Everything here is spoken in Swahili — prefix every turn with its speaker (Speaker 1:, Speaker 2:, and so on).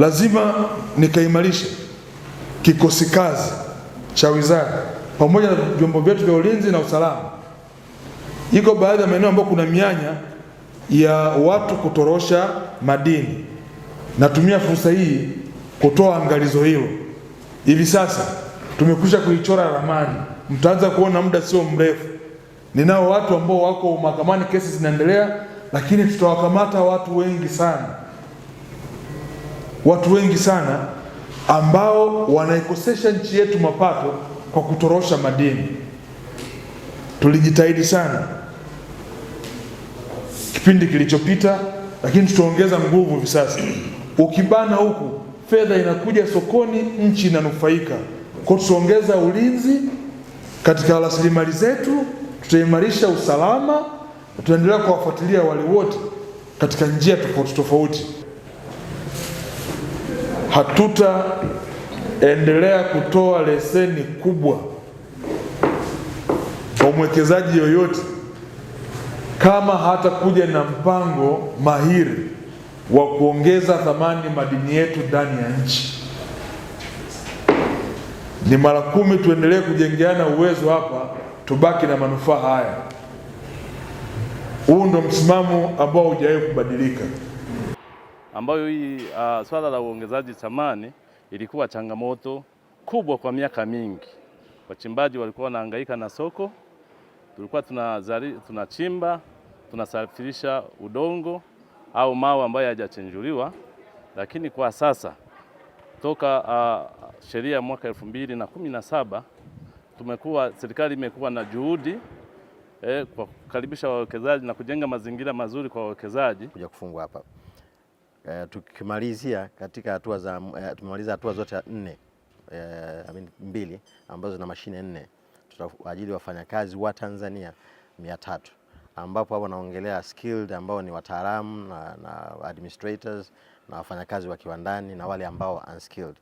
Speaker 1: Lazima nikaimarishe kikosi kazi cha wizara pamoja na vyombo vyetu vya ulinzi na usalama. Iko baadhi ya maeneo ambayo kuna mianya ya watu kutorosha madini. Natumia fursa hii kutoa angalizo hilo. Hivi sasa tumekwisha kuichora ramani, mtaanza kuona muda sio mrefu. Ninao watu ambao wako mahakamani, kesi zinaendelea, lakini tutawakamata watu wengi sana watu wengi sana ambao wanaikosesha nchi yetu mapato kwa kutorosha madini. Tulijitahidi sana kipindi kilichopita, lakini tutaongeza nguvu hivi sasa. Ukibana huku, fedha inakuja sokoni, nchi inanufaika. Kwa tutaongeza ulinzi katika rasilimali zetu, tutaimarisha usalama, tutaendelea kuwafuatilia wale wote katika njia tofauti tofauti hatutaendelea kutoa leseni kubwa kwa mwekezaji yoyote kama hatakuja na mpango mahiri wa kuongeza thamani madini yetu ndani ya nchi. Ni mara kumi, tuendelee kujengeana uwezo hapa, tubaki na manufaa haya. Huu ndo msimamo ambao hujawahi kubadilika
Speaker 2: ambayo hii uh, swala la uongezaji thamani ilikuwa changamoto kubwa kwa miaka mingi. Wachimbaji walikuwa wanahangaika na soko, tulikuwa tunazari, tunachimba tunasafirisha udongo au mawe ambayo hayajachenjuliwa, lakini kwa sasa toka uh, sheria ya mwaka elfu mbili na kumi na saba tumekuwa serikali imekuwa na juhudi eh, kwa kukaribisha wawekezaji na kujenga mazingira mazuri kwa wawekezaji
Speaker 3: kuja kufungwa hapa. E, tukimalizia katika hatua za e, tumemaliza hatua zote nne e, I mean, mbili ambazo zina mashine nne, tutaajili wafanyakazi wa Tanzania mia tatu ambapo hapo naongelea skilled ambao ni wataalamu na, na administrators na wafanyakazi wa kiwandani na wale ambao unskilled.